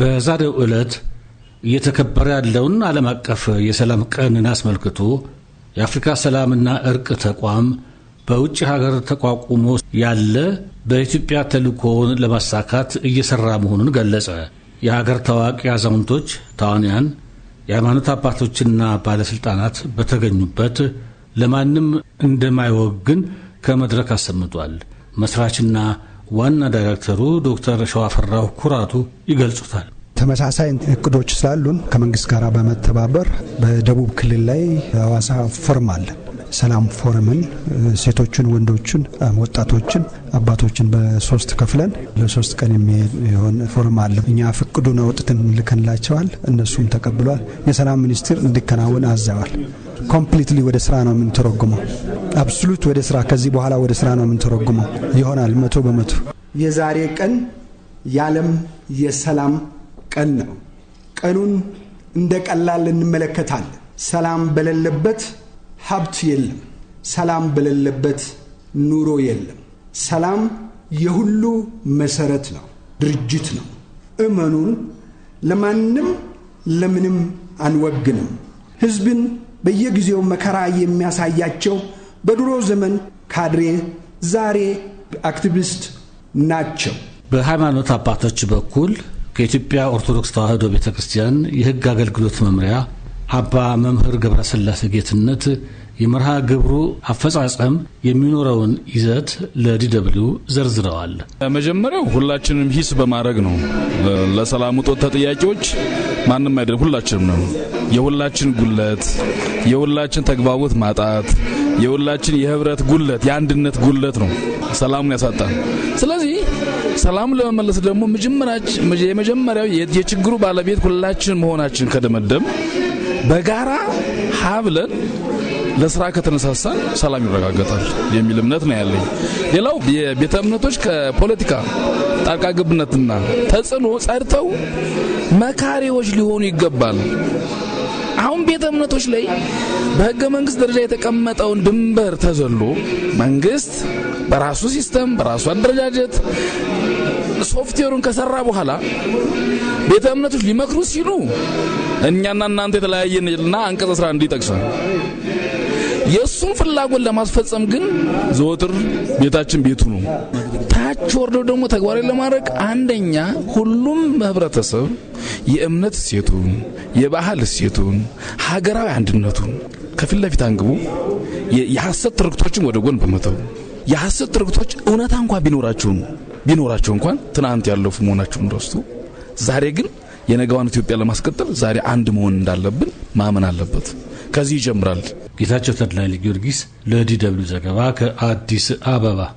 በዛሬው ዕለት እየተከበረ ያለውን ዓለም አቀፍ የሰላም ቀንን አስመልክቶ የአፍሪካ ሰላምና እርቅ ተቋም በውጭ ሀገር ተቋቁሞ ያለ በኢትዮጵያ ተልእኮውን ለማሳካት እየሰራ መሆኑን ገለጸ። የሀገር ታዋቂ አዛውንቶች፣ ታዋንያን፣ የሃይማኖት አባቶችና ባለሥልጣናት በተገኙበት ለማንም እንደማይወግን ከመድረክ አሰምቷል። መስራችና ዋና ዳይሬክተሩ ዶክተር ሸዋፈራው ኩራቱ ይገልጹታል። ተመሳሳይ እቅዶች ስላሉን ከመንግስት ጋር በመተባበር በደቡብ ክልል ላይ አዋሳ ፎርም አለ። ሰላም ፎርምን ሴቶችን፣ ወንዶችን፣ ወጣቶችን፣ አባቶችን በሶስት ከፍለን ለሶስት ቀን የሚሆን ፎርም አለ። እኛ ፍቅዱን አውጥተን ልከንላቸዋል። እነሱም ተቀብሏል። የሰላም ሚኒስቴር እንዲከናወን አዘዋል። ኮምፕሊትሊ ወደ ስራ ነው የምንተረጉመው። አብሶሉት ወደ ስራ ከዚህ በኋላ ወደ ስራ ነው የምንተረጉመው ይሆናል መቶ በመቶ። የዛሬ ቀን የዓለም የሰላም ቀን ነው። ቀኑን እንደ ቀላል እንመለከታለን። ሰላም በሌለበት ሀብት የለም። ሰላም በሌለበት ኑሮ የለም። ሰላም የሁሉ መሰረት ነው፣ ድርጅት ነው። እመኑን፣ ለማንም ለምንም አንወግንም። ህዝብን በየጊዜው መከራ የሚያሳያቸው በድሮ ዘመን ካድሬ ዛሬ አክቲቪስት ናቸው። በሃይማኖት አባቶች በኩል ከኢትዮጵያ ኦርቶዶክስ ተዋሕዶ ቤተ ክርስቲያን የሕግ አገልግሎት መምሪያ አባ መምህር ገብረስላሴ ጌትነት የመርሃ ግብሩ አፈጻጸም የሚኖረውን ይዘት ለዲደብሊው ዘርዝረዋል። መጀመሪያው ሁላችንም ሂስ በማድረግ ነው። ለሰላም እጦት ተጠያቂዎች ማንም አይደለም፣ ሁላችንም ነው። የሁላችን ጉለት፣ የሁላችን ተግባቦት ማጣት፣ የሁላችን የህብረት ጉለት፣ የአንድነት ጉለት ነው ሰላሙን ያሳጣል። ስለዚህ ሰላሙን ለመመለስ ደግሞ የመጀመሪያው የችግሩ ባለቤት ሁላችን መሆናችን ከደመደም በጋራ ሀብለን ለስራ ከተነሳሳን ሰላም ይረጋገጣል የሚል እምነት ነው ያለኝ። ሌላው የቤተ እምነቶች ከፖለቲካ ጣልቃ ገብነትና ተጽዕኖ ጸድተው መካሪዎች ሊሆኑ ይገባል። አሁን ቤተ እምነቶች ላይ በህገ መንግስት ደረጃ የተቀመጠውን ድንበር ተዘሎ መንግስት በራሱ ሲስተም በራሱ አደረጃጀት ሶፍትዌሩን ከሰራ በኋላ ቤተ እምነቶች ሊመክሩ ሲሉ እኛና እናንተ የተለያየን ይልና አንቀጽ ስራ ይጠቅሳል። የእሱን ፍላጎት ለማስፈጸም ግን ዘወትር ቤታችን ቤቱ ነው። ታች ወርዶ ደግሞ ተግባራዊ ለማድረግ አንደኛ ሁሉም ህብረተሰብ የእምነት እሴቱን፣ የባህል እሴቱን፣ ሀገራዊ አንድነቱን ከፊት ለፊት አንግቡ። የሐሰት ትርክቶችን ወደ ጎን በመተው የሐሰት ትርክቶች እውነታ እንኳ ቢኖራቸውም ቢኖራቸው እንኳን ትናንት ያለፉ መሆናቸውን ረስቶ ዛሬ ግን የነገዋን ኢትዮጵያ ለማስቀጠል ዛሬ አንድ መሆን እንዳለብን ማመን አለበት። ከዚህ ይጀምራል። ጌታቸው ተድላይ ጊዮርጊስ ለዲ ደብልዩ ዘገባ ከአዲስ አበባ